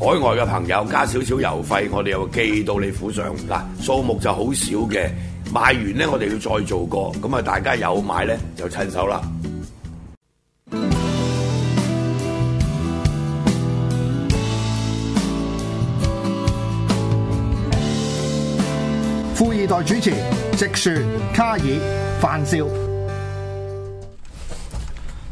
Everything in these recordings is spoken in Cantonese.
海外嘅朋友加少少郵費，我哋又寄到你府上。嗱，數目就好少嘅，賣完咧，我哋要再做過。咁啊，大家有買咧就趁手啦。富易袋主持：直樹、卡爾、范少。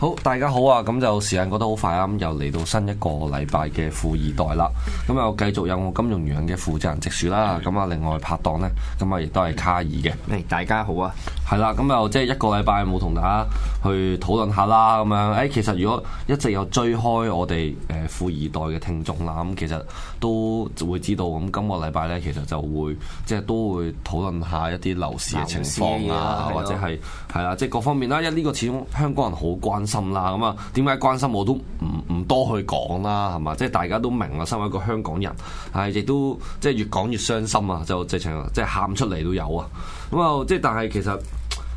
好，大家好啊！咁就時間過得好快啊！咁又嚟到新一個禮拜嘅富易袋啦。咁又繼續有我金融員嘅負責人直樹啦。咁啊，另外拍檔咧，咁啊，亦都係卡爾嘅。誒，大家好啊！係啦，咁又即係一個禮拜冇同大家去討論下啦。咁樣誒，其實如果一直有追開我哋誒富易袋嘅聽眾啦，咁其實都會知道。咁今個禮拜咧，其實就會即係、就是、都會討論下一啲樓市嘅情況啊，或者係係啦，即係的、就是、各方面啦。因為呢個始終香港人好關心。啦，咁啊，點解關心我都唔唔多去講啦，係嘛？即係大家都明啊，身為一個香港人，係亦都即係越講越傷心啊，就直情即係喊出嚟都有啊。咁啊，即係但係其實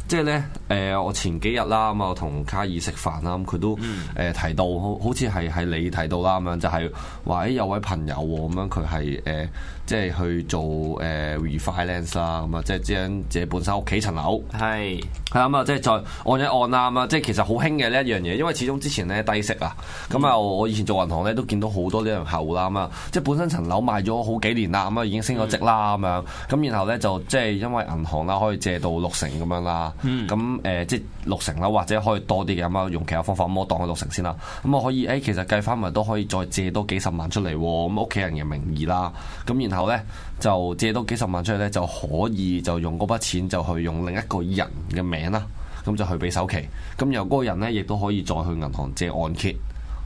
即係咧，誒，我前幾日啦，咁啊，同卡爾食飯啦，咁佢都誒提到，好好似係，係你提到啦咁樣，就係話誒有位朋友咁樣，佢係誒。呃即係去做誒 refinance 啦，咁啊即係將自己本身屋企層樓，係係啊嘛，即係再按一按啊，咁啊即係其實好興嘅呢一樣嘢，因為始終之前咧低息啊，咁啊、嗯、我以前做銀行咧都見到好多呢樣客戶啦，咁啊即係本身層樓賣咗好幾年啦，咁啊已經升咗值啦，咁樣咁然後咧就即係因為銀行啦可以借到六成咁樣啦，咁誒、嗯、即係六成啦，或者可以多啲嘅咁啊，用其他方法咁我當佢六成先啦，咁我可以誒、欸、其實計翻埋都可以再借多幾十萬出嚟喎，咁屋企人嘅名義啦，咁然後。後咧就借多幾十萬出去咧，就可以就用嗰筆錢就去用另一個人嘅名啦，咁就去俾首期。咁有嗰個人咧亦都可以再去銀行借按揭，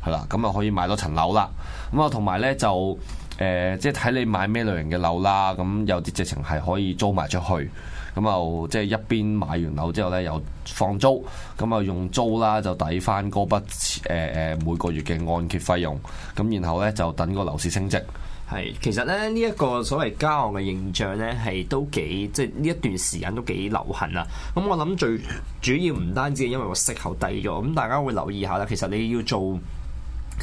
係啦，咁啊可以買多層樓啦。咁啊同埋咧就誒、呃，即係睇你買咩類型嘅樓啦。咁有啲直情係可以租埋出去。咁又即係一邊買完樓之後咧，又放租。咁啊用租啦就抵翻嗰筆誒每個月嘅按揭費用。咁然後咧就等個樓市升值。係，其實咧呢一個所謂加按嘅現象呢，係都幾即係呢一段時間都幾流行啊。咁我諗最主要唔單止係因為個息口低咗，咁大家會留意下啦。其實你要做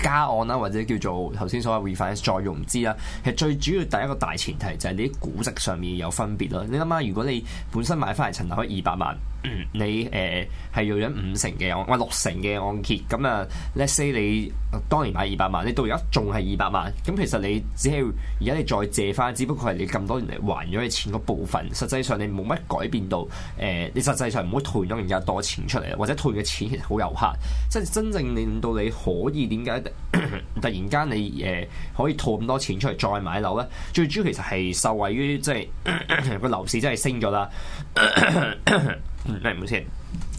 加按啦，或者叫做頭先所謂 refinance 再融資啦，其實最主要第一個大前提就係你啲估值上面有分別啦。你諗下，如果你本身買翻嚟層樓係二百萬。嗯、你誒係用咗五成嘅，按、哦、話六成嘅按揭咁啊。呃、Let's say 你當年買二百萬，你到而家仲係二百萬，咁其實你只係而家你再借翻，只不過係你咁多年嚟還咗嘅錢嗰部分。實際上你冇乜改變到誒、呃，你實際上冇乜退咗人家多錢出嚟，或者退嘅錢好有限。即係真正令到你可以點解突， 突然間你誒可以套咁、呃、多錢出嚟再買樓咧？最主要其實係受惠於即係個樓市真係升咗啦。 嗯，那也沒事。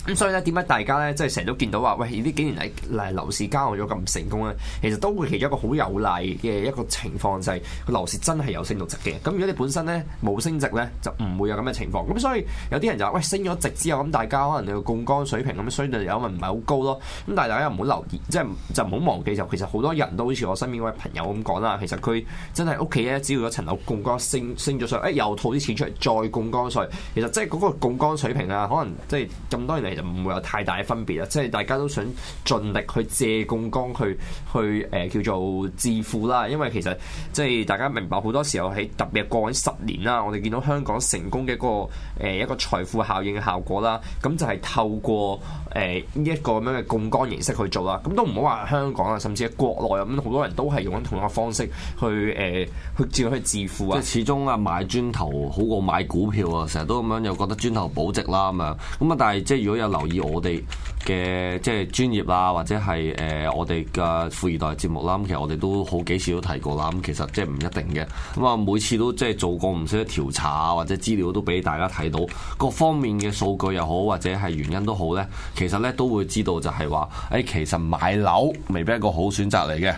咁所以咧，點解大家咧，即係成日都見到話，喂呢幾年嚟誒樓市交換咗咁成功咧，其實都會其中一個好有利嘅一個情況，就係、是、樓市真係有升到值嘅。咁如果你本身咧冇升值咧，就唔會有咁嘅情況。咁所以有啲人就話，喂升咗值之後，咁大家可能你個槓桿水平咁相對有咪唔係好高咯。咁但係大家唔好留意，即係就唔、是、好忘記就其實好多人都好似我身邊位朋友咁講啦，其實佢真係屋企咧，只要有層樓槓桿升升咗上，誒又套啲錢出嚟再槓桿稅。其實即係嗰個槓桿水平啊，可能即係咁多年其實唔會有太大嘅分別啊，即係大家都想盡力去借槓桿去去誒、呃、叫做致富啦。因為其實即係大家明白好多時候喺特別係過去十年啦，我哋見到香港成功嘅一個、呃、一個財富效應嘅效果啦。咁就係透過誒呢、呃、一個咁樣嘅槓桿形式去做啦。咁都唔好話香港啊，甚至係國內咁好多人都係用緊同一個方式去誒、呃、去照去致富啊。即始終啊買磚頭好過買股票啊，成日都咁樣又覺得磚頭保值啦咁樣。咁啊但係即係如果。有留意我哋嘅即係專業啦，或者係誒、呃、我哋嘅富二代節目啦。咁其實我哋都好幾次都提過啦。咁其實即係唔一定嘅。咁啊，每次都即係做過唔少調查啊，或者資料都俾大家睇到各方面嘅數據又好，或者係原因都好呢。其實呢都會知道就係話，誒、欸、其實買樓未必係一個好選擇嚟嘅。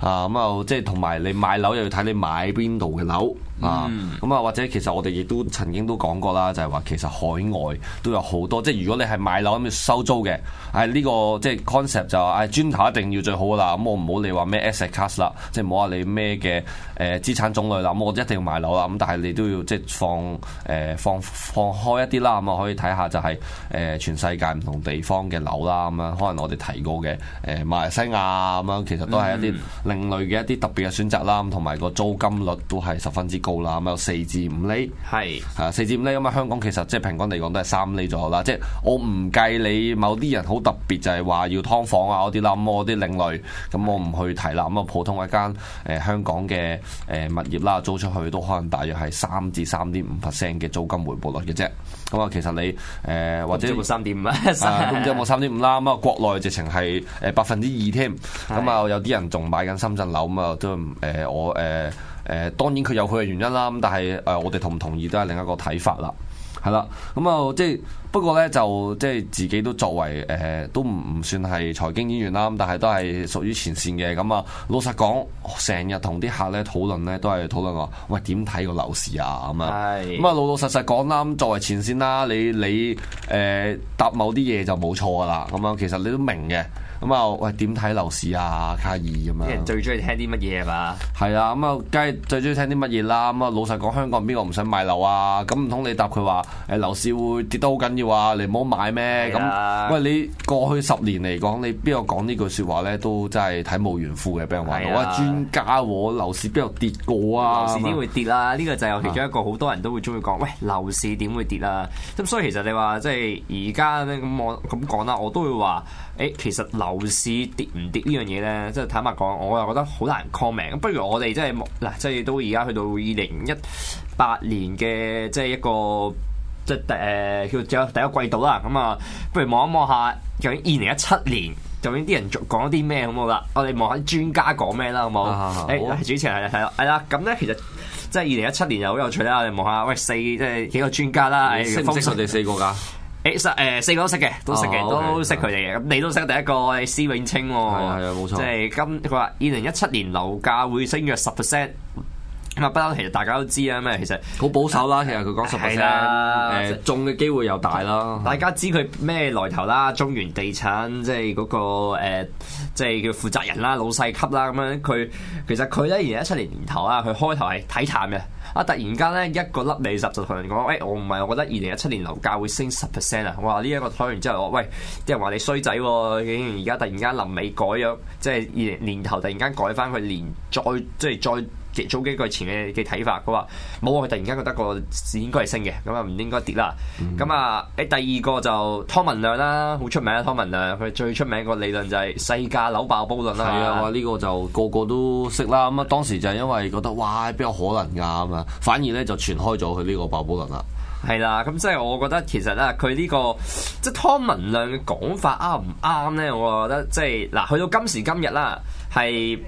啊咁啊，即係同埋你買樓又要睇你買邊度嘅樓啊。咁、嗯、啊，或者其實我哋亦都曾經都講過啦，就係、是、話其實海外都有好多，即、就、係、是、如果你係買樓咁要收租嘅，係、哎、呢、這個即係、就是、concept 就係磚頭一定要最好噶啦。咁、嗯、我唔好你話咩 asset class 啦，即唔好話你咩嘅誒資產種類啦。咁、嗯、我一定要買樓啦。咁但係你都要即係、就是、放誒、呃、放放開一啲啦。咁、嗯、啊可以睇下就係、是、誒、呃、全世界唔同地方嘅樓啦。咁、嗯、樣可能我哋提過嘅誒、呃、馬來西亞咁樣，其實都係一啲。嗯另類嘅一啲特別嘅選擇啦，同埋個租金率都係十分之高啦，咁有四至五厘，係係四至五厘，咁啊香港其實即係平均嚟講都係三厘左右啦，即係我唔計你某啲人好特別就係、是、話要劏房啊嗰啲啦，咁我啲另類，咁我唔去提啦，咁、嗯、啊普通一間誒、呃、香港嘅誒、呃、物業啦租出去都可能大約係三至三點五 percent 嘅租金回報率嘅啫。咁其實你誒、呃、或者冇三點五啦？咁即係冇三點五啦。咁啊，國內直情係誒百分之二添。咁啊，有啲人仲買緊深圳樓，咁啊都誒我誒誒，當然佢有佢嘅原因啦。咁但係誒、啊，我哋同唔同意都係另一個睇法啦。啊係啦，咁啊、 嗯嗯，即係不過咧，就即係自己都作為誒、呃，都唔唔算係財經演員啦，但係都係屬於前線嘅，咁、嗯、啊，老實講，成日同啲客咧討論咧，都係討論話，喂、欸，點睇個樓市啊？咁、嗯、啊，咁啊係，老老實實講啦，咁作為前線啦，你你誒、呃、答某啲嘢就冇錯噶啦，咁、嗯、樣其實你都明嘅。咁啊、嗯，喂，點睇樓市啊，卡爾咁啊？啲、嗯、人最中意聽啲乜嘢啊嘛？係啊，咁啊，梗係最中意聽啲乜嘢啦？咁、嗯、啊，老實講，香港邊個唔想買樓啊？咁唔通你答佢話誒樓市會跌得好緊要啊？你唔好買咩？咁、啊，喂，你過去十年嚟講，你邊個講呢句説話咧？都真係體無完膚嘅，俾人話我係專家喎，樓市邊度跌過啊？樓市點會跌啊？呢、啊、個就係其中一個，好多人都會中意講喂，樓市點會跌啊？咁、嗯、所以其實你話即係而家咧，咁我咁講啦，我都會話誒、欸，其實樓市跌唔跌呢樣嘢咧，即係坦白講，我又覺得好難 comment。不如我哋即係，嗱，即係都而家去到二零一八年嘅，即係一個即係誒叫第一第一季度啦。咁啊，不如望一望下，究竟二零一七年究竟啲人講啲咩好冇啦？我哋望下啲專家講咩啦，好冇？誒、啊啊欸，主持人係啦係啦，係啦。咁咧其實即係二零一七年又好有趣啦。我哋望下，喂，四即係、呃、幾個專家啦？你識唔識我哋四個㗎？ 其實誒四個都識嘅，都識嘅，哦、都識佢哋嘅。咁、哦 okay，你都識得第一個係施、嗯、永青喎，係啊、冇錯。即係、嗯、今佢話二零一七年樓價會升約十 percent。咁啊不嬲，其實大家都知啦，咩其實好保守啦。其實佢講十 percent 中嘅機會又大咯。就是、大家知佢咩來頭啦？中原地產即係嗰個即係、呃就是、叫負責人啦，老細級啦咁樣。佢其實佢咧二零一七年年頭啊，佢開頭係睇淡嘅。啊！突然間咧，一個粒美石就同人講，誒、欸，我唔係，我覺得二零一七年樓價會升十 percent 啊！我話呢一個睇完之後，我喂啲人話你衰仔喎、啊，竟然而家突然間臨尾改咗，即係年年頭突然間改翻去年再即係再。早幾個月前嘅嘅睇法，佢話冇佢突然間覺得個市應該係升嘅，咁啊唔應該跌啦。咁啊、嗯，誒、哎、第二個就湯文亮啦，好出名啊湯文亮，佢最出名個理論就係細價樓爆煲論啦。係啊，話呢、啊、個就個個都識啦。咁啊，當時就係因為覺得哇，邊有可能㗎嘛，反而咧就傳開咗佢呢個爆煲論啦。係啦、啊，咁即係我覺得其實咧，佢呢、這個即係湯文亮嘅講法啱唔啱咧？我覺得即係嗱，去到今時今日啦，係。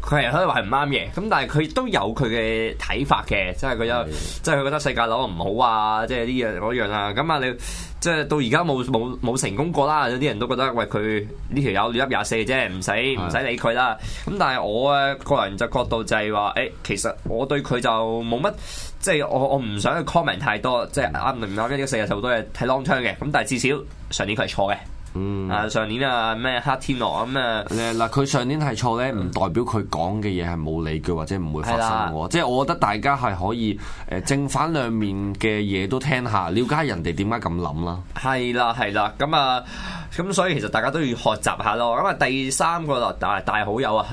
佢係可以話唔啱嘅，咁但係佢都有佢嘅睇法嘅，即係佢有，是的 即係佢覺得世界攞唔好啊，即係呢樣嗰樣啊，咁啊你即係到而家冇冇冇成功過啦，有啲人都覺得喂，佢呢條友噏廿四啫，唔使唔使理佢啦。咁是的 但係我誒個人就角度就係話，誒、欸、其實我對佢就冇乜，即係我我唔想 comment 太多，即係啱唔啱？因為世界就好多嘢睇 long term 嘅。咁但係至少上年佢係錯嘅。嗯，啊上年啊咩黑天鵝啊咩，誒嗱佢上年係錯咧，唔代表佢講嘅嘢係冇理據或者唔會發生喎，的即係我覺得大家係可以誒、呃、正反兩面嘅嘢都聽下，了解人哋點解咁諗啦。係啦係啦，咁啊咁所以其實大家都要學習下咯。咁啊第三個啦，大大好友啊，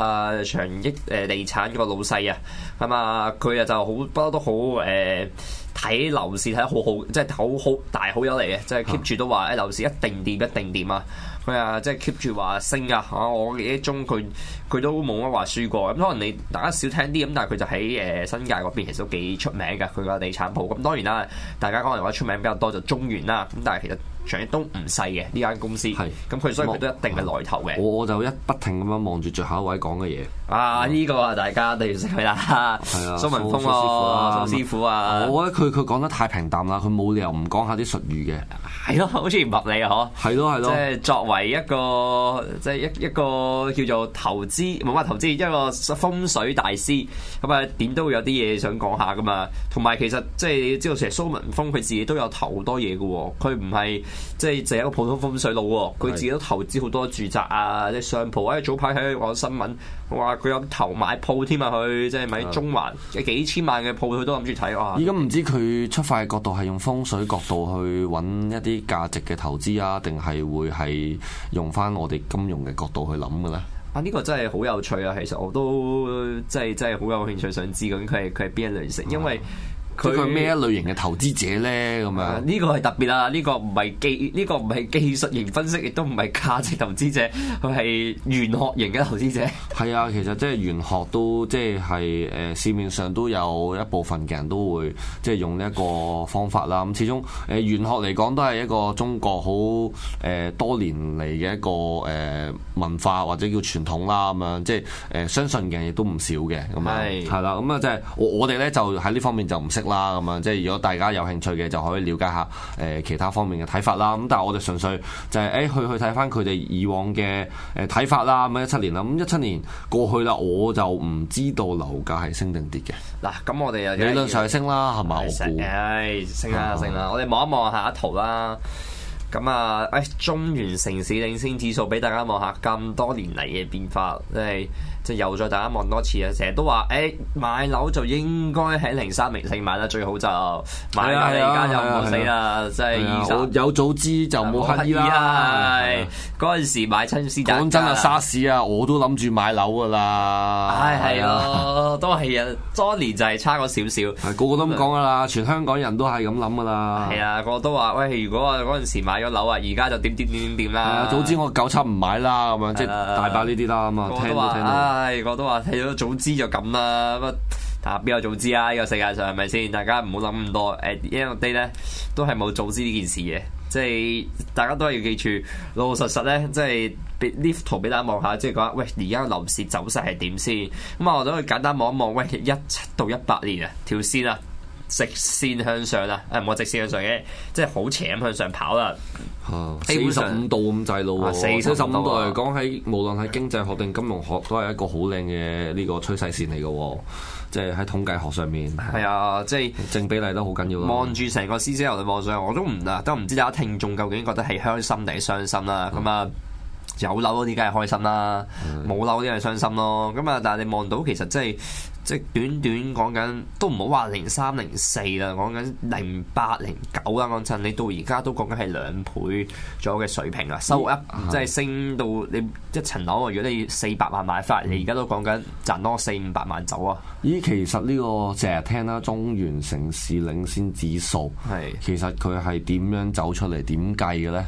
長益誒地、呃、產個老細啊，咁啊佢啊就好不嬲都好誒。呃喺樓市睇好好，即係好好大好友嚟嘅，即係 keep 住都話誒樓市一定掂一定掂啊佢啊，即係 keep 住話升啊嚇！我記憶中佢佢都冇乜話輸過咁、嗯，可能你大家少聽啲咁，但係佢就喺誒新界嗰邊其實都幾出名㗎，佢個地產鋪。咁、嗯、當然啦，大家可能話出名比較多就中原啦，咁但係其實。長都唔細嘅呢間公司，咁佢是、嗯、所以佢都一定係來頭嘅。我就一不停咁樣望住最後一位講嘅嘢。啊，呢的個的啊，大家你哋識佢啦，蘇文峰啊，蘇師傅啊。傅啊，我覺得佢佢講得太平淡啦，佢冇理由唔講下啲術語嘅。係咯，好似唔合理啊，嗬。係咯，係咯。即係作為一個，即係一一個叫做投資冇乜投資，一個風水大師咁啊，點都會有啲嘢想講下噶嘛。同埋其實即係、就是、你知道，其實蘇文峰佢自己都有投好多嘢嘅喎，佢唔係。即係就係一個普通風水佬喎、哦，佢自己都投資好多住宅啊，是的 即係商鋪哎，早排喺度講新聞，話佢有投買鋪添啊，佢即係咪喺中環是的 幾千萬嘅鋪佢都諗住睇哇。而家唔知佢出發嘅角度係用風水角度去揾一啲價值嘅投資啊，定係會係用翻我哋金融嘅角度去諗嘅咧？啊，呢、這個真係好有趣啊！其實我都真係真係好有興趣想知究竟佢佢係邊一類型。的因為。佢咩一類型嘅投資者咧？咁樣呢個係特別啦，呢個唔係技，呢個唔係技術型分析，亦都唔係價值投資者，佢係玄學型嘅投資者。係啊， 其實即係玄學都即係係誒市面上都有一部分嘅人都會即係用呢一個方法啦。咁始終誒玄學嚟講都係一個中國好誒多年嚟嘅一個誒文化或者叫傳統啦。咁樣即係誒相信嘅人亦都唔少嘅。咁樣係啦。咁啊即係我哋咧就喺呢方面就唔識。啦咁啊，即係如果大家有興趣嘅，就可以了解下誒、呃、其他方面嘅睇法啦。咁但係我哋純粹就係、是、誒、欸、去去睇翻佢哋以往嘅誒睇法啦。咁一七年啦，咁一七年過去啦，我就唔知道樓價係升定跌嘅。嗱，咁我哋理論上係升啦，係咪？升嘅，升啦的，升啦。我哋望一望下一圖啦。咁啊，誒、哎、中原城市領先指數俾大家望下，咁多年嚟嘅變化咧。即即又再大家望多次啊！成日都話，誒買樓就應該喺零三零四買啦，最好就買啦。而家就唔死啦，真係有早知就冇乞兒啦。嗰陣時買親私宅。講真啊，沙士啊，我都諗住買樓㗎啦。係係咯，都係啊，多年就係差咗少少。個個都咁講㗎啦，全香港人都係咁諗㗎啦。係啊，個個都話，喂，如果我嗰陣時買咗樓啊，而家就點點點點點啦。早知我九七唔買啦，咁樣即係大把呢啲啦，咁啊，聽都唉，我都話睇咗早知就咁啦，乜但係邊有早知啊？呢個世界上係咪先？大家唔好諗咁多。誒，At the end of day 咧都係冇早知呢件事嘅，即係大家都係要記住老老實實咧，即係呢幅圖俾大家望下，即係講喂，而家樓市走勢係點先？咁啊，我都簡單望一望，喂，看一七到一八年啊，條線啊。直線向上啦，誒唔好直線向上嘅，即係好斜咁向上跑啦，四十五度咁滯咯喎，四十五度嚟講喺，無論喺經濟學定金融學都係一個好靚嘅呢個趨勢線嚟嘅，即係喺統計學上面係啊，即係正比例都好緊要咯。望住成個 CCL 嘅往上，我都唔都唔知大家聽眾究竟覺得係開心定係傷心啦，咁、嗯、啊～有樓嗰啲梗係開心啦，冇樓嗰啲係傷心咯。咁啊，但係你望到其實即係即係短短講緊都唔好話零三零四啦，講緊零八零九啦，講真，你到而家都講緊係兩倍左右嘅水平啦，收益即係升到你是的 一層樓一。如果你四百萬買翻嚟，你而家都講緊賺多四五百萬走啊！咦，其實呢個成日聽啦，中原城市領先指數，係是的 其實佢係點樣走出嚟？點計嘅咧？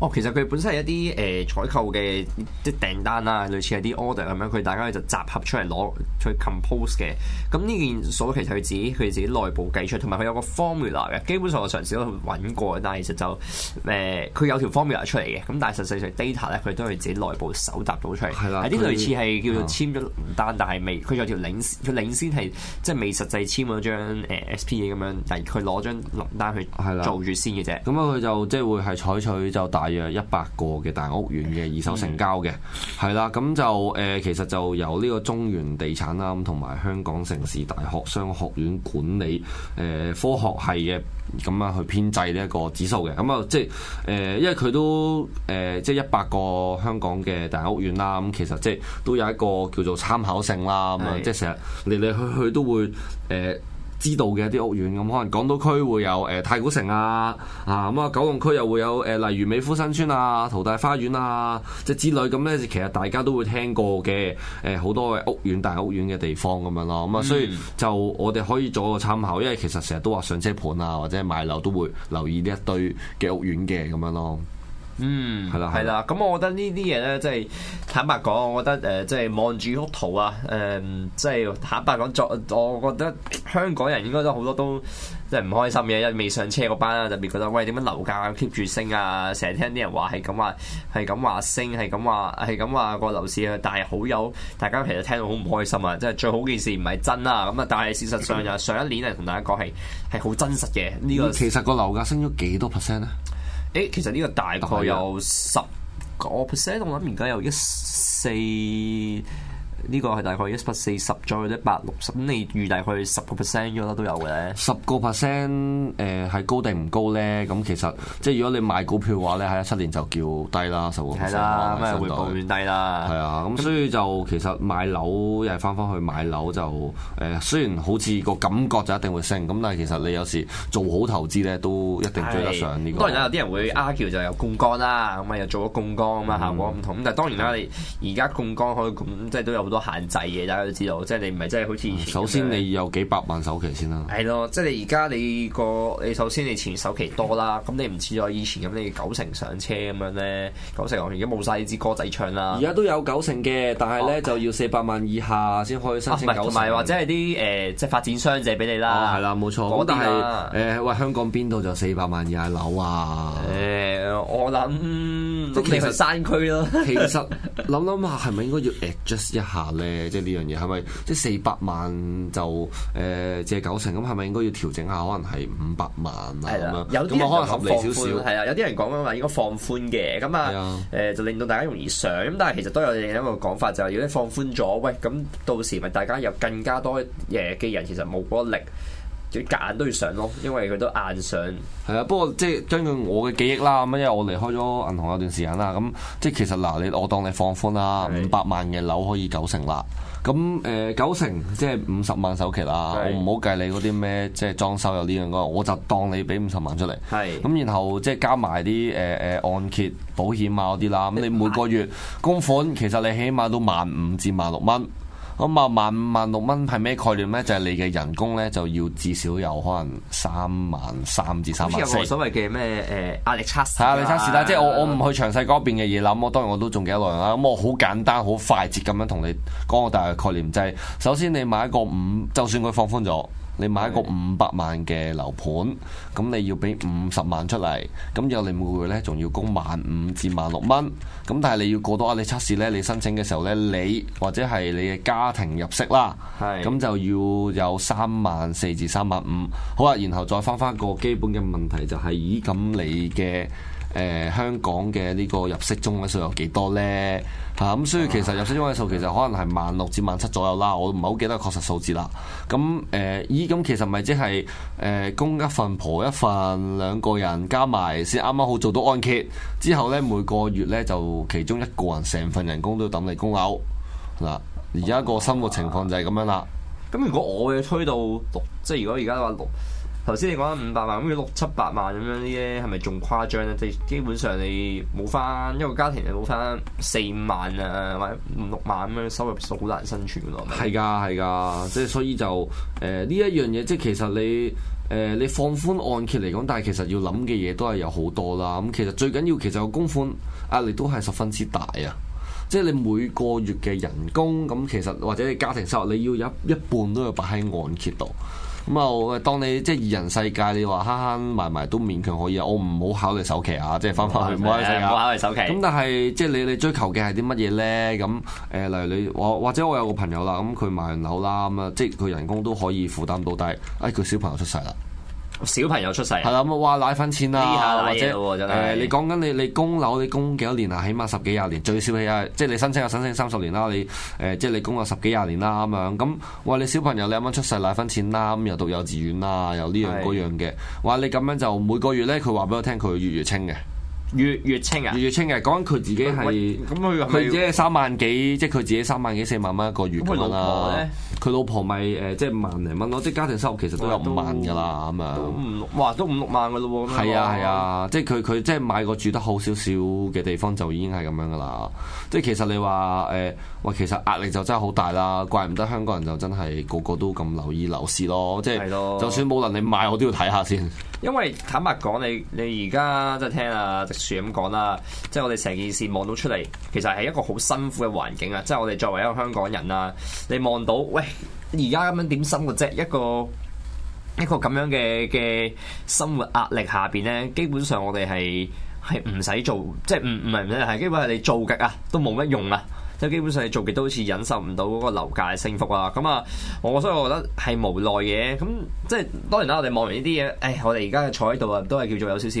哦，其實佢本身係一啲誒採購嘅即係訂單啊，類似係啲 order 咁樣，佢大家就集合出嚟攞去 compose 嘅。咁呢件數其實佢自己佢自己內部計出，同埋佢有個 formula 嘅。基本上我嘗試都揾過，但係其實就誒佢有條 formula 出嚟嘅。咁但係實際上 data 咧，佢都係自己內部手揼到出嚟。係啦，係啲類似係叫做簽咗單，但係未佢有條領佢領先係即係未實際簽咗張 SPA 嘅咁樣，但係佢攞張單去做住先嘅啫。咁樣，佢就即係會係採取就大約一百個嘅大屋苑嘅二手成交嘅，係啦、mm，咁、hmm. 就誒、呃，其實就由呢個中原地產啦，咁同埋香港城市大學商學院管理誒、呃、科學系嘅咁啊去編製呢一個指數嘅，咁、嗯、啊即係誒、呃，因為佢都誒、呃，即係一百個香港嘅大屋苑啦，咁、嗯、其實即係都有一個叫做參考性啦，咁、嗯、啊，mm hmm. 即係成日嚟嚟去去都會誒。呃知道嘅一啲屋苑咁，可能港島區會有誒、呃、太古城啊，啊咁啊九龍區又會有誒、呃，例如美孚新村啊、淘大花園啊，即係之類咁咧，其實大家都會聽過嘅誒好多屋苑大屋苑嘅地方咁樣咯，咁啊所以就我哋可以做個參考，因為其實成日都話上車盤啊，或者買樓都會留意呢一堆嘅屋苑嘅咁樣咯。嗯，係啦，係啦，咁我覺得呢啲嘢咧，即係坦白講，我覺得誒，即係望住幅圖啊，誒，即係坦白講，作，我覺得香港人應該都好多都即係唔開心嘅，因為未上車嗰班，特別覺得喂，點樣樓價 keep 住升啊？成日聽啲人話係咁話，係咁話升，係咁話，係咁話個樓市啊，但係好有，大家其實聽到好唔開心啊！即係最好件事唔係真啊，咁啊，但係事實上就上一年，同大家講係係好真實嘅呢個。其實個樓價升咗幾多 percent 咧？誒，其實呢個大概有十個 percent，我諗而家有一四。呢個係大概一百四十再一百六十，你預大概十個 percent 咗啦都有嘅。十個 percent 誒係高定唔高咧？咁其實即係如果你買股票嘅話咧，喺一七年就叫低啦，十個 percent 啦，咁低啦。係了啊，咁所以就其實買樓又係翻返去買樓就誒，雖然好似個感覺就一定會升，咁但係其實你有時做好投資咧都一定追得上呢、這個。當然有啲人會 argue 就有槓桿啦，咁啊又做咗槓桿咁啊效果唔同、嗯、但係當然啦，你而家槓桿可以咁即係都有多限制嘅，大家都知道，即係你唔係真係好似以前。首先，你有幾百萬首期先啦。係咯，即係你而家你個，你首先你前首期多啦，咁你唔似咗以前咁，你九成上車咁樣咧，九成我而家冇晒呢支歌仔唱啦。而家都有九成嘅，但係咧、啊、就要四百萬以下先可以申請九成，同埋或者係啲誒即係發展商借俾你啦。係啦、啊，冇錯。但係誒，喂，香港邊度就四百萬以下樓啊？誒。呃我諗，區其實山區咯。 其實諗諗下，係咪應該要 adjust 一下咧，就是？即係呢樣嘢，係咪即係四百萬就誒借九成？咁係咪應該要調整下？可能係五百萬啊咁的樣。有啲人合理少少。係啦，有啲人講緊話應該放寬嘅。咁啊，誒就令到大家容易上。咁但係其實都有另一個講法，就係如果放寬咗，喂咁到時咪大家有更加多嘅人，其實冇壓力。佢夾硬都要上咯，因為佢都硬上。係啊，不過即係根據我嘅記憶啦，咁因為我離開咗銀行有段時間啦，咁、嗯、即係其實嗱，你我當你放寬啦，五百是的 萬嘅樓可以九成啦。咁、嗯、誒、呃、九成即係五十萬首期啦，是的 我唔好計你嗰啲咩即係裝修又呢樣嘅，我就當你俾五十萬出嚟。係。咁然後即係加埋啲誒誒按揭保險啊嗰啲啦，咁你，嗯、你每個月供款其實你起碼都萬五至萬六蚊。咁啊，萬五萬六蚊係咩概念咧？就係你嘅人工咧，就要至少有可能三萬三至三萬四。所謂嘅咩誒壓力測試？係啊，壓力測試啦。即係我我唔去詳細嗰邊嘅嘢諗，我當然我都仲記得內容啦。咁我好簡單好快捷咁樣同你講個大嘅概念，就係首先你買一個五，就算佢放寬咗。你買一個五百萬嘅樓盤，咁你要俾五十萬出嚟，咁有你每個月咧，仲要供萬五至萬六蚊，咁但係你要過多壓力測試咧，你申請嘅時候咧，你或者係你嘅家庭入息啦，咁是就要有三萬四至三萬五，好啊，然後再翻翻一個基本嘅問題，就係，就係咦咁你嘅。誒、呃、香港嘅呢個入息中位數有幾多呢？嚇、啊、咁、嗯，所以其實入息中位數其實可能係萬六至萬七左右啦。我唔係好記得確實數字啦。咁、嗯、誒，咦、呃？咁其實咪即係誒公一份婆，婆一份，兩個人加埋先啱啱好做到按揭。之後呢，每個月呢就其中一個人成份人工都要抌嚟供樓嗱。而家個生活情況就係咁樣啦。咁、啊、如果我嘅推到六，即係如果而家話六。頭先你講緊五百萬，咁要六七百萬咁樣啲咧，係咪仲誇張咧？即係基本上你冇翻一個家庭，你冇翻四五萬啊，或者五六萬咁、啊、樣收入，好難生存噶喎。係㗎，係㗎，即係所以就誒呢、呃、一樣嘢，即係其實你誒、呃、你放寬按揭嚟講，但係其實要諗嘅嘢都係有好多啦。咁、嗯、其實最緊要，其實個供款壓力都係十分之大啊！即係你每個月嘅人工咁、嗯，其實或者你家庭收入，你要有一一半都要擺喺按揭度。咁啊，當你即係二人世界，你話慳慳埋埋都勉強可以啊。我唔好考慮首期啊，即係翻翻去。唔好考慮首期。咁但係即係你你追求嘅係啲乜嘢咧？咁誒、呃，例如你或或者我有個朋友啦，咁佢買完樓啦，咁啊，即係佢人工都可以負擔到，但係、哎、佢小朋友出世啦。小朋友出世，係啦，咁哇奶粉錢啦、啊，乃乃或者誒，哎、的你講緊你你供樓，你供幾多年啊？起碼十幾廿年，最少起係即係你申請有申請三十年啦、啊。你誒即係你供咗十幾廿年啦、啊、咁樣，咁哇你小朋友你啱啱出世，奶粉錢啦、啊，咁又讀幼稚園啦、啊，又呢樣嗰樣嘅，哇是你咁樣就每個月咧，佢話俾我聽，佢月月清嘅，月月清啊，月月清嘅，講緊佢自己係，咁佢自己係三萬幾，即係佢自己三萬幾四萬蚊一個月供啦。佢老婆咪誒即係五萬零蚊咯，即係家庭收入其實都有五萬㗎啦咁啊！都五六這樣，哇，都五六萬㗎咯喎！係啊係啊，啊嗯、即係佢佢即係買個住得好少少嘅地方就已經係咁樣㗎啦。即係其實你話誒，喂、欸，其實壓力就真係好大啦，怪唔得香港人就真係個個都咁留意樓市咯。即係的就算冇能力買，我都要睇下先。因為坦白講，你你而家即係聽啊直樹咁講啦，即係我哋成件事望到出嚟，其實係一個好辛苦嘅環境啊！即係我哋作為一個香港人啊，你望到喂～喂而家咁樣點生活啫，一個一個咁樣嘅嘅生活壓力下邊咧，基本上我哋係係唔使做，即係唔唔係唔係，係基本係你做極啊都冇乜用啊，即係基本上你做極都,都好似忍受唔到嗰個樓價嘅升幅啊，咁啊，我所以我覺得係無奈嘅，咁即係當然啦、哎，我哋望完呢啲嘢，誒，我哋而家坐喺度啊，都係叫做有少少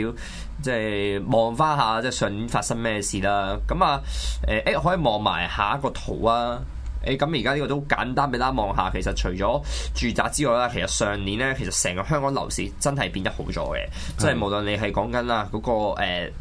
即係望翻下即係上年發生咩事啦，咁啊，誒、欸，可以望埋下一個圖啊。誒，咁而家呢個都簡單，俾大家望下。其實除咗住宅之外咧，其實上年呢，其實成個香港樓市真係變得好咗嘅。是的 即係無論你係講緊喇嗰個、欸、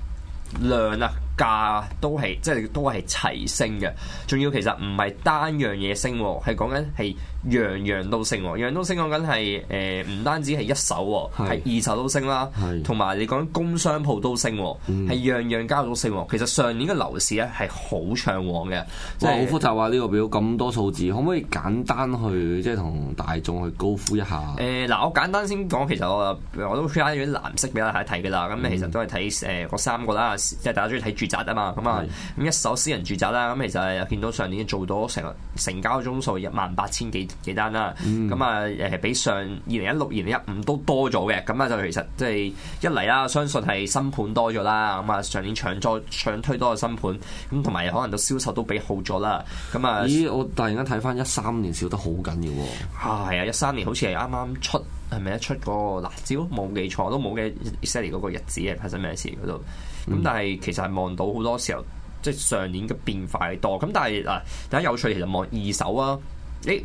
量啊價啊，都係即係都係齊升嘅。仲要其實唔係單樣嘢升，係講緊係。樣樣都升，樣都升，講緊係誒，唔、呃、單止係一手喎，係是二手都升啦，同埋是你講工商鋪都升，係樣樣交咗升。其實上年嘅樓市咧係好暢旺嘅。即哇，好、就是、複雜啊！呢個表咁多數字，可唔可以簡單去即係同大眾去高呼一下？誒嗱、呃，我簡單先講，其實我我都 highlight 咗啲藍色俾大家睇㗎啦。咁、嗯嗯、其實都係睇誒嗰三個啦，即係大家中意睇住宅啊嘛。咁啊，咁一手私人住宅啦，咁其實係見到上年做到成成交宗數一萬八千幾。幾單啦、啊，咁啊誒，比上二零一六、二零一五都多咗嘅，咁啊就其實即係一嚟啦、啊，相信係新盤多咗啦，咁、嗯、啊上年搶再搶推多個新盤，咁同埋可能都銷售都比好咗啦，咁啊咦，我突然間睇翻一三年笑得好緊要喎，係啊一三、啊、年好似係啱啱出係咪一出、嗰個辣招冇記錯都冇嘅 settle 嗰個日子啊發生咩事嗰度，咁、嗯嗯、但係其實係望到好多時候即係、就是、上年嘅變化多，咁但係嗱睇下有趣，其實望二手啊，誒、欸。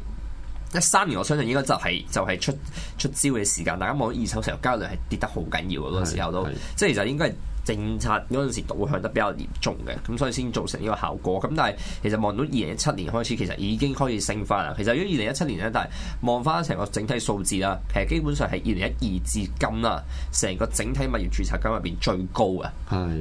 一三年我相信應該就係、是、就係、是、出出招嘅時間，大家望到二手成交量係跌得好緊要嗰個時候都，即係其實應該係政策嗰陣時導向得比較嚴重嘅，咁所以先造成呢個效果。咁但係其實望到二零一七年開始，其實已經開始升翻啦。其實如果二零一七年咧，但係望翻成個整體數字啦，其實基本上係二零一二至今啦，成個，個整體物業註冊金入邊最高嘅，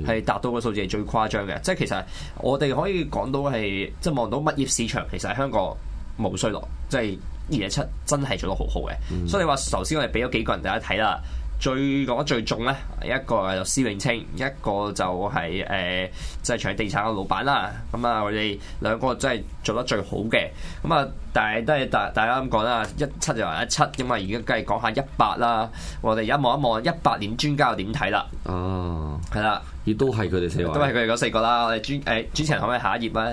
係是達到個數字係最誇張嘅。即係其實我哋可以講到係即係望到物業市場其實喺香港冇衰落，即係。二一七真係做得好好嘅，嗯、所以你話頭先我哋俾咗幾個人大家睇啦，最講最重咧，一個係施永青，一個就係誒即係長地產嘅老闆啦。咁、嗯、啊，我哋兩個真係做得最好嘅。咁、嗯、啊，但係都係大大家咁講啦，一七就係一七，因為而家計講下一八啦。我哋而家望一望一,一,一八年專家又點睇、啊、啦？哦，係啦，亦都係佢哋四位，都係佢哋嗰四個啦。我哋專誒主持人可唔可以下一頁啊？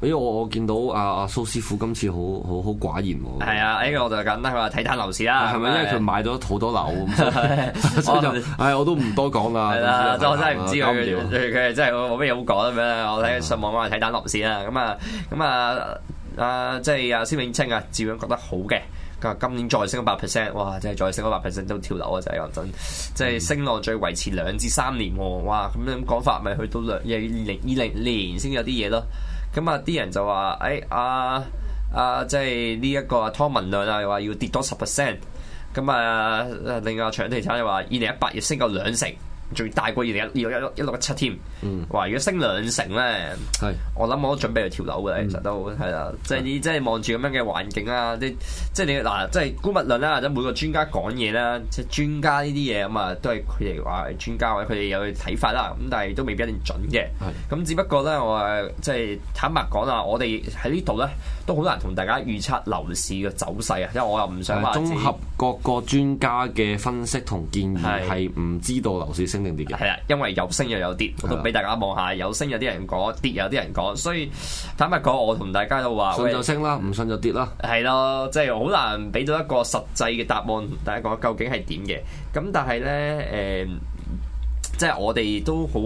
因為我我見到阿阿蘇師傅今次好好好寡言，係啊，呢 個我就簡單佢話睇單樓市啦，係咪？嗎 因為佢買咗好多樓，咁就 哎，我都唔多講啦。係啦，我真係唔知佢真係冇咩嘢好講咁樣。我睇上網話睇單樓市啦，咁啊咁啊啊，即係阿蕭永清啊，照樣覺得好嘅。佢話今年再升百 percent，哇！真係再升百 percent 都跳樓啊！就係講真，即係升落最維持兩至三年，哇！咁樣講法咪去到兩二零二零年先有啲嘢咯。咁、哎、啊！啲人就話：誒啊啊，即係呢一個啊，湯文亮啊，又話要跌多十 percent。咁啊，另外長地產又話二零一八要升夠兩成，仲大過二零一六一六一六一七添，話如果升兩成咧，是我諗我都準備去跳樓嘅。其實都係啦，即係、嗯就是、你即係望住咁樣嘅環境啊，即係你嗱，即係估物論啦，或者每個專家講嘢啦，即、就、係、是、專家呢啲嘢咁啊，都係佢哋話專家或者佢哋有啲睇法啦。咁但係都未必一定準嘅。咁的只不過咧，我誒即係坦白講啊，我哋喺呢度咧都好難同大家預測樓市嘅走勢啊，因為我又唔想綜合各個專家嘅分析同建議係唔的知道樓市係啦，因為有升又有跌，我都俾大家望下，有升有啲人講，跌有啲人講，所以坦白講，我同大家都話，信就升啦，唔信就跌啦，係咯，即係好難俾到一個實際嘅答案，同大家講究竟係點嘅。咁但係咧，誒、嗯，即係我哋都好。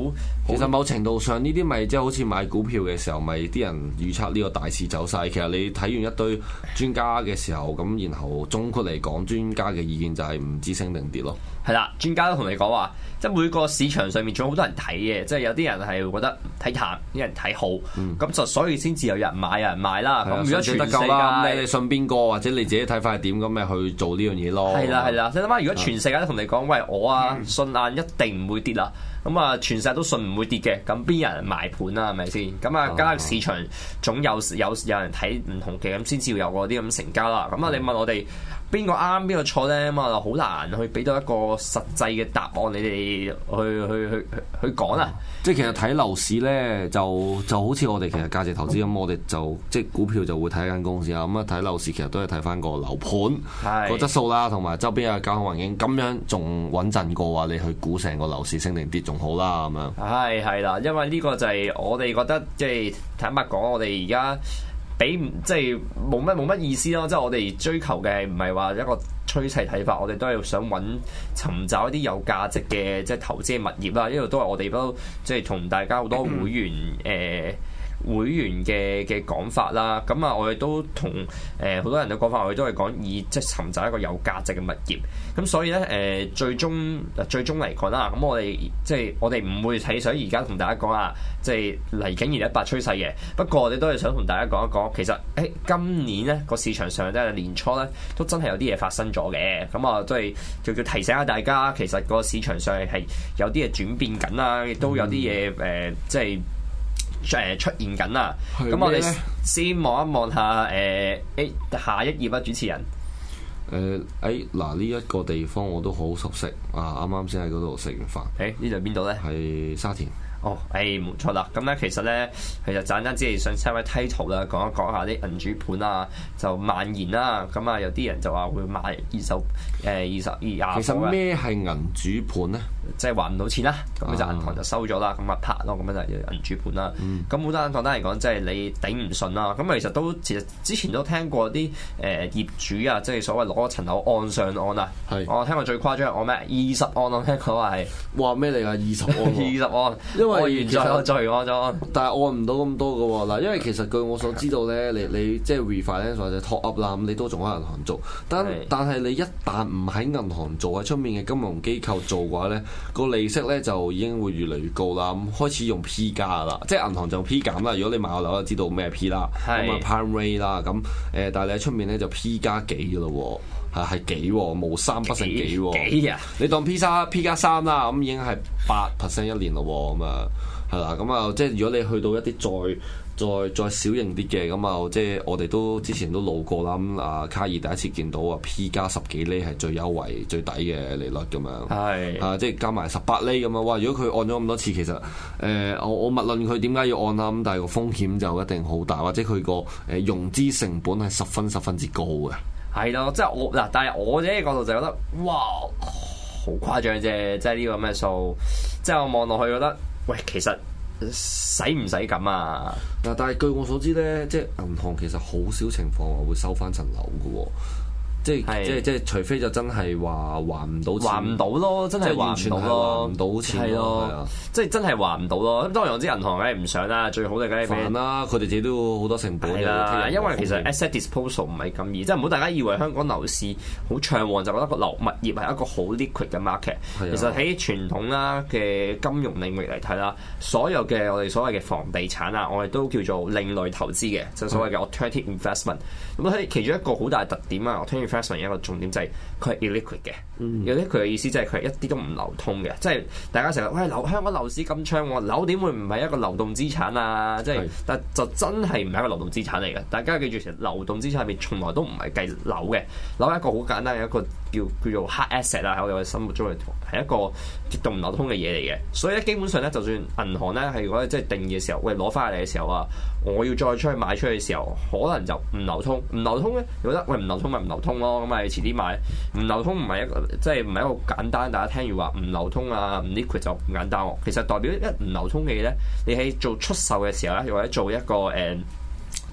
其實某程度上呢啲咪即係好似買股票嘅時候，咪、就、啲、是、人預測呢個大市走勢。其實你睇完一堆專家嘅時候，咁然後總括嚟講，專家嘅意見就係唔知升定跌咯。係啦，專家都同你講話，即係每個市場上面仲有好多人睇嘅，即係有啲人係覺得睇淡，啲人睇好。咁、嗯、就所以先至有人買有人賣啦。咁的如果全世界咩，信邊個或者你自己睇法係點，咁咪去做呢樣嘢咯。係啦係啦，你諗下，如果全世界都同你講，喂我啊，信晏、啊、一定唔會跌啦。咁啊，全世界都信唔會跌嘅，咁邊有人埋盤啦？係咪先？咁啊，加上市場總有有有人睇唔同嘅，咁先至會有嗰啲咁成交啦。咁啊，你問我哋。邊個啱邊個錯呢？咁、嗯、啊，好難去俾到一個實際嘅答案，你哋去去去去，去講啦、啊。即係其實睇樓市呢，就就好似我哋其實價值投資咁，嗯、我哋就即係股票就會睇間公司啊。咁、嗯、啊，睇樓市其實都係睇翻個樓盤個質素啦，同埋係周邊嘅交通環境。咁樣仲穩陣過話你去估成個樓市升定跌，仲好啦咁樣。係係啦，因為呢個就係我哋覺得，即係坦白講，我哋而家。俾即係冇乜冇乜意思咯，即係我哋追求嘅唔係話一個趨勢睇法，我哋都係想揾尋找一啲有價值嘅即係投資嘅物業啦。呢度都係我哋都即係同大家好多會員誒。呃會員嘅嘅講法啦，咁啊，我哋都同誒好多人都講法，我哋都係講以即係尋找一個有價值嘅物業。咁所以咧，誒、呃、最終，最終嚟講啦，咁我哋即係我哋唔會係想而家同大家講啊，即係嚟緊二零一八趨勢嘅。不過我哋都係想同大家講一講，其實誒、欸、今年咧個市場上即係年初咧都真係有啲嘢發生咗嘅。咁啊都係叫提醒下大家，其實個市場上係有啲嘢轉變緊啦，亦都有啲嘢誒即係。誒出現緊啊！咁我哋先望一望下誒 A 下一頁啦，主持人。誒誒、呃，嗱呢一個地方我都好熟悉啊！啱啱先喺嗰度食完飯。誒、欸、呢就邊度咧？係沙田。哦，誒、欸，冇錯啦。咁、嗯、咧，其實咧，其實簡單只係想 title 啦，講一講一下啲銀主盤啊，就蔓延啦。咁啊，有啲人就話會買二手，誒、嗯，二十二廿啊。其實咩係銀主盤咧？即係還唔到錢啦，咁啊銀行就收咗啦，咁啊拍，咯，咁啊就銀主盤啦。咁好多單簡單嚟講，即係你頂唔順啦。咁其實都其實之前都聽過啲誒、呃、業主啊，即係所謂攞層樓按上按啊。是我聽過最誇張我咩？二十按我聽佢話係話咩嚟㗎？二十按、啊，二十按？ 按完再再完，按完。但係按唔到咁多嘅喎，嗱，因為其實據我所知道咧， 你你即係 refinance 或者 top up 啦，咁你都仲喺銀行做。但 但係你一旦唔喺銀行做，喺出面嘅金融機構做嘅話咧，個利息咧就已經會越嚟越高啦。咁開始用 P 加啦，即係銀行就 P 減啦。如果你買我樓，就知道咩 P 啦，咁啊 prime rate 啦。咁誒，但係你喺出面咧就 P 加幾嘅咯喎。係係幾喎、哦？冇三不成幾喎、哦？幾啊！你當 P 三 P 加三啦，咁已經係八 percent 一年咯喎、哦，咁啊係啦，咁啊即係如果你去到一啲再再再小型啲嘅，咁啊即係我哋都之前都路過啦。咁啊，卡爾第一次見到啊，P 加十幾厘係最優惠、最抵嘅利率咁樣。係是啊，即係加埋十八厘咁樣！哇，如果佢按咗咁多次，其實誒、呃、我我勿論佢點解要按啊，咁但係個風險就一定好大，或者佢個誒融資成本係十分十分之高嘅。係咯，即係我嗱，但係我自己角度就係覺得，哇，好誇張啫！即係呢個咩嘅數，即係我望落去覺得，喂，其實使唔使咁啊？嗱，但係據我所知咧，即係銀行其實好少情況會收翻層樓噶。即係即係即係，除非就真係話還唔到錢。還唔到咯，真係完全係還唔到錢咯。係咯。即係真係還唔到咯。咁當然我知銀行梗係唔想啦，最好就梗係反啦。佢哋、啊、自己都好多成本啦。啊、因為其實 asset disposal 唔係咁易，即係唔好大家以為香港樓市好暢旺就覺得個樓物業係一個好 liquid 嘅 market、啊。其實喺傳統啦嘅金融領域嚟睇啦，所有嘅我哋所謂嘅房地產啊，我哋都叫做另類投資嘅，就係、所謂嘅 alternative investment、嗯。咁喺其中一個好大嘅特點啊，一個重點就係佢係 illiquid 嘅，illiquid 嘅意思即係佢係一啲都唔流通嘅，即係大家成日喂，樓香港樓市咁暢，樓點會唔係一個流動資產啊？即係是但就真係唔係一個流動資產嚟嘅。大家記住，其實流動資產入面從來都唔係計樓嘅，樓係一個好簡單嘅一個叫叫做 hard asset 啊！喺我哋嘅心目中係係一個極度唔流通嘅嘢嚟嘅。所以咧，基本上咧，就算銀行咧係如果即係定義嘅時候，喂攞翻嚟嘅時候啊，我要再出去買出去嘅時候，可能就唔流通，唔流通咧，覺得喂，唔流通咪唔流通。咁咪遲啲買。唔流通唔係一個，即係唔係一個簡單。大家聽住話唔流通啊，唔 liquid 就唔簡單喎、啊。其實代表一唔流通嘅嘢咧，你喺做出售嘅時候咧，或者做一個誒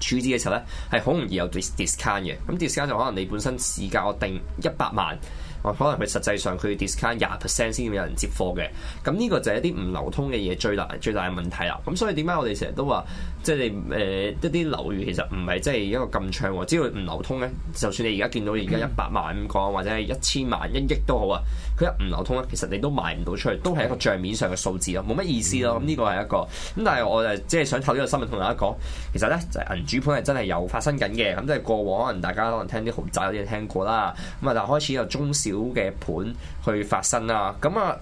處置嘅時候咧，係好容易有 discount 嘅。咁 discount 就可能你本身市價我定一百萬，可能佢實際上佢 discount 廿 percent 先有人接貨嘅。咁、嗯、呢、這個就係一啲唔流通嘅嘢最大最大嘅問題啦。咁、嗯、所以點解我哋成日都話，即係你誒一啲樓宇其實唔係即係一個咁長喎、哦，只要唔流通咧，就算你而家見到而家一百萬咁講，或者係一千萬、一億都好啊，佢一唔流通咧，其實你都賣唔到出去，都係一個帳面上嘅數字咯，冇乜意思咯。咁呢個係一個咁，但係我就即係想透過呢個新聞同大家講，其實咧就係、銀主盤係真係有發生緊嘅，咁即係過往可能大家可能聽啲豪宅有啲人聽過啦，咁啊但係開始有中小嘅盤去發生啦，咁啊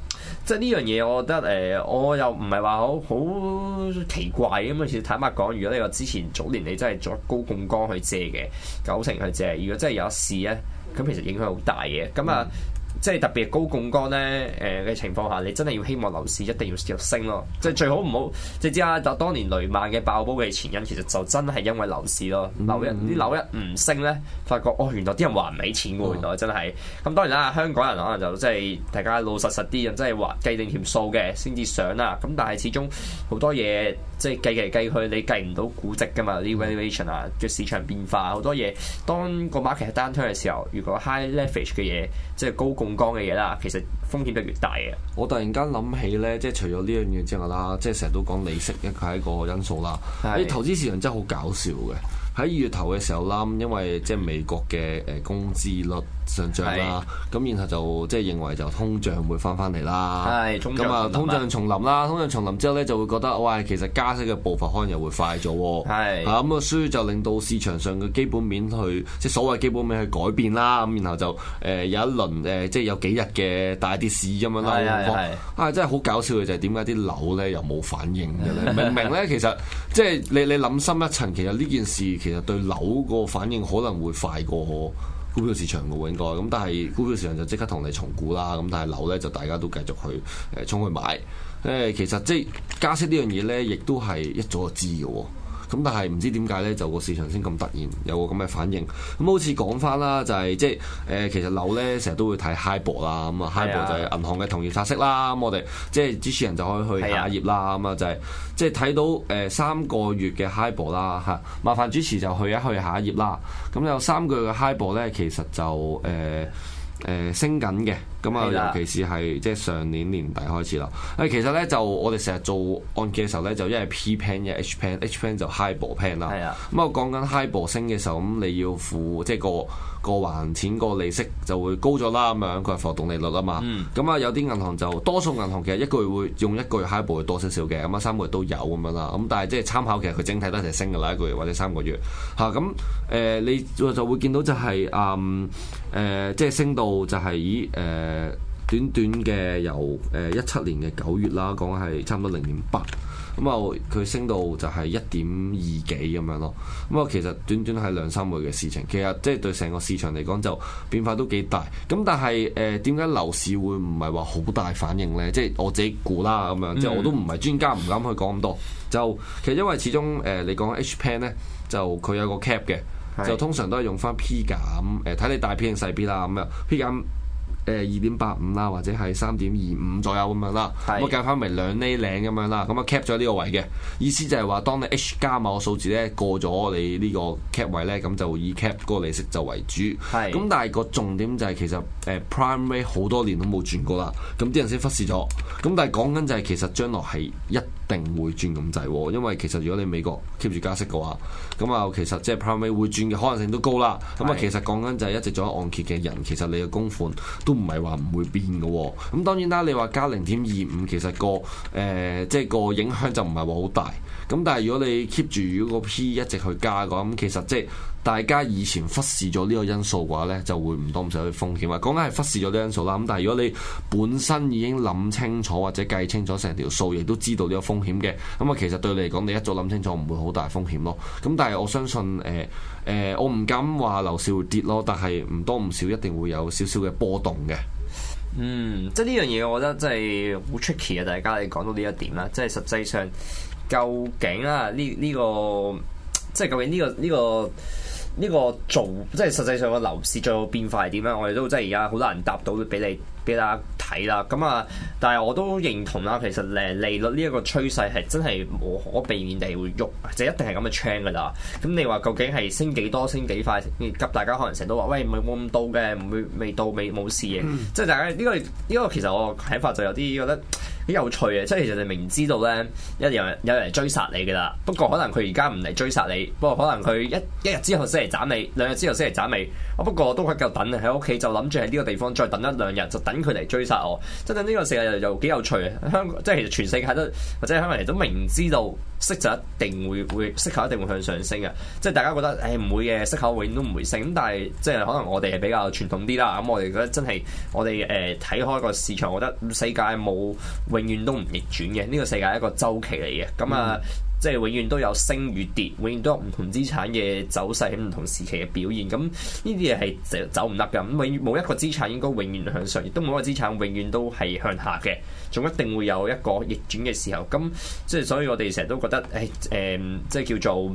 即係呢樣嘢，我覺得誒、呃、我又唔係話好好奇怪咁啊，事睇講，如果你話之前早年你真係做高槓桿去借嘅九成去借，如果真係有一事咧，咁其實影響好大嘅。咁啊。嗯即係特別高槓桿咧，誒、呃、嘅情況下，你真係要希望樓市一定要繼續升咯。即係最好唔好即係知啦、啊。當年雷曼嘅爆煲嘅前因，其實就真係因為樓市咯。Mm hmm. 樓一啲樓一唔升咧，發覺哦，原來啲人還唔起錢喎。原來、oh. 真係咁。當然啦，香港人可能就即、就、係、是、大家老實實啲人，真係話計定條數嘅先至上啦。咁但係始終好多嘢即係計嚟計，計去，你計唔到估值噶嘛？啲 valuation 啊，嘅市場變化好多嘢。當個 market 係 down trend 嘅時候，如果 high leverage 嘅嘢。即係高槓桿嘅嘢啦，其實風險都越大嘅。我突然間諗起咧，即係除咗呢樣嘢之外啦，即係成日都講利息一個因素啦。啲是的 投資市場真係好搞笑嘅，喺二月頭嘅時候諗，因為即係美國嘅誒工資率。上漲啦，咁是的 然後就即係認為就通脹會返返嚟啦。咁啊，通脹重臨啦，通脹重臨之後咧，就會覺得哇，其實加息嘅步伐可能又會快咗，啊。咁是的 啊，所以就令到市場上嘅基本面去，即係所謂基本面去改變啦。咁然後就誒、呃、有一輪誒、呃，即係有幾日嘅大跌市咁樣啦是的。啊，真係好搞笑嘅就係點解啲樓咧又冇反應嘅咧？明明咧 其實即係你你諗深一層，其實呢件事其實對樓個反應可能會快過股票市場嘅喎，應該咁，但係股票市場就即刻同你重估啦。咁但係樓咧就大家都繼續去誒衝、呃、去買。誒其實即係加息呢樣嘢咧，亦都係一早知嘅喎。咁但係唔知點解呢，就個市場先咁突然有個咁嘅反應。咁、嗯、好似講翻啦，就係、是、即係、呃、其實樓呢，成日都會睇 HIBOR 啦，咁是啊 HIBOR 就係銀行嘅同業拆息啦。咁我哋即係主持人就可以去下一頁啦，咁是啊、嗯、就係、是、即係睇到誒、呃、三個月嘅 HIBOR 啦嚇。麻煩主持就去一去下一頁啦。咁有三個月嘅 HIBOR 呢，其實就誒。呃誒、呃、升緊嘅，咁、嗯、啊的尤其是係即係上年年底開始啦。誒、其實咧就我哋成日做按揭嘅時候咧，就一係 P pen 一係 H pen，H pen 就 high ball pen 啦。咁的、嗯、我講緊 high ball 升嘅時候，咁你要付即係個。個還錢個利息就會高咗啦，咁樣佢係浮動利率啊嘛，咁啊、嗯、有啲銀行就多數銀行其實一個月會用一個月，下一步會多些少嘅，咁啊三個月都有咁樣啦。咁但係即係參考，其實佢整體都係升噶啦，一個月或者三個月吓咁，誒，你就會見到就係、是、誒，即、嗯、係、呃就是、升到就係以誒短短嘅由誒一七年嘅九月啦，講係差唔多零點八。咁啊，佢升到就係一點二幾咁樣咯。咁、嗯、啊，其實短短係兩三個月嘅事情，其實即係對成個市場嚟講就變化都幾大。咁但係誒，點、呃、解樓市會唔係話好大反應呢？即、就、係、是、我自己估啦咁樣，嗯、即係我都唔係專家，唔敢去講咁多。就其實因為始終誒、呃，你講 H p e n 咧，就佢有個 cap 嘅，是就通常都係用翻 P 減誒，睇、呃、你大 P 定細 P 啦咁樣 P 減。誒二點八五啦，85, 或者係三點二五左右咁樣啦，咁計翻埋兩厘零咁樣啦，咁啊 cap 咗呢個位嘅意思就係話，當你 H 加某數字咧過咗你呢個 cap 位咧，咁就以 cap 個利息就為主。係咁是，但係個重點就係、是、其實誒、嗯、Prime rate 好多年都冇轉過啦，咁啲人先忽視咗。咁但係講緊就係其實將來係一。定會轉咁滯喎，因為其實如果你美國 keep 住加息嘅話，咁啊其實即係 Prime 會轉嘅可能性都高啦。咁啊的其實講緊就係一直做緊按揭嘅人，其實你嘅供款都唔係話唔會變嘅。咁當然啦，你話加零點二五，其實個誒即係個影響就唔係話好大。咁但係如果你 keep 住如果個 P 一直去加嘅話，咁其實即係。大家以前忽視咗呢個因素嘅話呢，就會唔多唔少嘅風險。話講緊係忽視咗呢個因素啦，咁但係如果你本身已經諗清楚或者計清楚成條數，亦都知道呢個風險嘅，咁、嗯、啊其實對你嚟講，你一早諗清楚唔會好大風險咯。咁但係我相信，誒、呃、誒、呃，我唔敢話樓市會跌咯，但係唔多唔少一定會有少少嘅波動嘅。嗯，即係呢樣嘢，我覺得真係好 tricky 啊！大家你講到呢一點啦，即係實際上究竟啊呢呢、呢個，即係究竟呢個呢個。呢個呢個呢個做即係實際上個樓市最後變化係點樣？我哋都即係而家好多人答到俾你，俾大家睇啦。咁啊，但係我都認同啦，其實咧利率呢一個趨勢係真係無可避免地會喐，就一定係咁嘅 change 噶啦。咁你話究竟係升幾多、升幾快？急大家可能成日都話：喂，唔係冇咁到嘅，唔會未到未冇事嘅。嗯、即係大家呢個呢個，這個、其實我睇法就有啲覺得。幾有趣嘅，即係其實你明知道咧，有人有人嚟追殺你嘅啦。不過可能佢而家唔嚟追殺你，不過可能佢一一日之後先嚟斬你，兩日之後先嚟斬你。我不過我都喺度等，喺屋企就諗住喺呢個地方再等一兩日，就等佢嚟追殺我。真真呢個世界又又幾有趣啊！香即係其實全世界都，或者香港人都明知道。息就一定會會息口一定會向上升嘅，即係大家覺得誒唔、哎、會嘅息口永遠都唔會升咁，但係即係可能我哋係比較傳統啲啦，咁我哋覺得真係我哋誒睇開個市場，我覺得世界冇永遠都唔逆轉嘅，呢、這個世界係一個周期嚟嘅咁啊。即係永遠都有升與跌，永遠都有唔同資產嘅走勢喺唔同時期嘅表現。咁呢啲嘢係走唔甩㗎。咁永遠冇一個資產應該永遠向上，亦都冇一個資產永遠都係向下嘅，仲一定會有一個逆轉嘅時候。咁即係所以我哋成日都覺得，誒、哎、誒，即係叫做。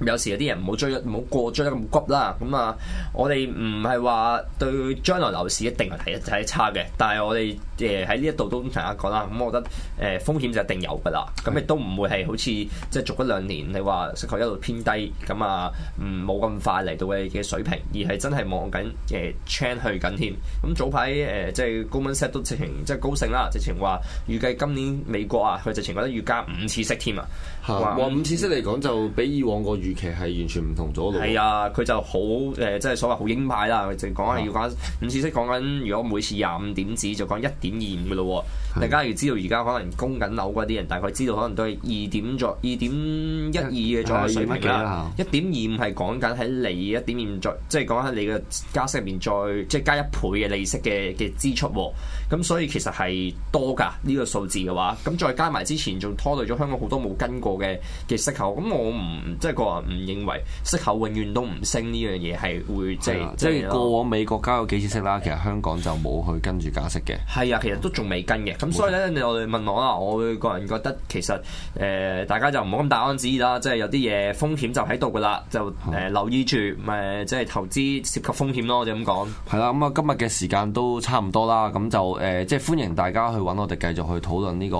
有時有啲人唔好追，唔好過追得咁急啦。咁啊，我哋唔係話對將來樓市一定係睇睇得差嘅，但係我哋誒喺呢一度都同大家講啦。咁、嗯、我覺得誒風險就一定有㗎啦。咁亦都唔會係好似即係續嗰兩年你話息口一路偏低，咁啊唔冇咁快嚟到嘅嘅水平，而係真係望緊誒 chain 去緊添。咁早排誒即係 Goldman Sachs 都直情即係高盛啦，直情話預計今年美國啊佢直情覺得要加五次息添啊！哇！嗯、五次息嚟講就比以往個預期係完全唔同咗咯，係啊！佢就好誒，即、呃、係所謂好鷹派啦，淨講係要講、啊、五次息，講緊如果每次廿五點子就點，就講一點二五嘅咯。嗯大家要知道，而家可能供緊樓嗰啲人，大概知道可能都係二點再二點一二嘅再水平啦。啊、一點二五係講緊喺你一點二五再，即係講喺你嘅加息入面再，即、就、係、係、加一倍嘅利息嘅嘅支出。咁所以其實係多㗎呢、呢個數字嘅話，咁再加埋之前仲拖累咗香港好多冇跟過嘅嘅息口。咁我唔即係個人唔認為息口永遠都唔升呢樣嘢係會即係即係過往美國加咗幾次息啦，其實香港就冇去跟住加息嘅。係啊，其實都仲未跟嘅。咁所以咧，我哋問我啦，我會個人覺得其實誒、呃，大家就唔好咁大安旨意啦，即係有啲嘢風險就喺度噶啦，就誒、嗯呃、留意住咪即係投資涉及風險咯，我哋咁講。係啦，咁、嗯、啊，今日嘅時間都差唔多啦，咁就誒、呃，即係歡迎大家去揾我哋繼續去討論呢個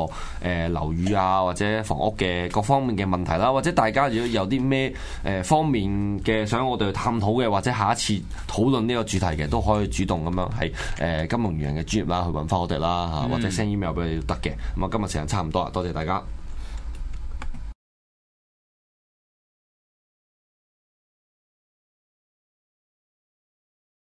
誒樓宇啊，或者房屋嘅各方面嘅問題啦，或者大家如果有啲咩誒方面嘅想我哋去探討嘅，或者下一次討論呢個主題嘅，都可以主動咁樣喺誒金融員嘅專業啦去揾翻我哋啦，嚇或者 email 俾你得嘅，咁啊今日時間差唔多啦，多謝大家。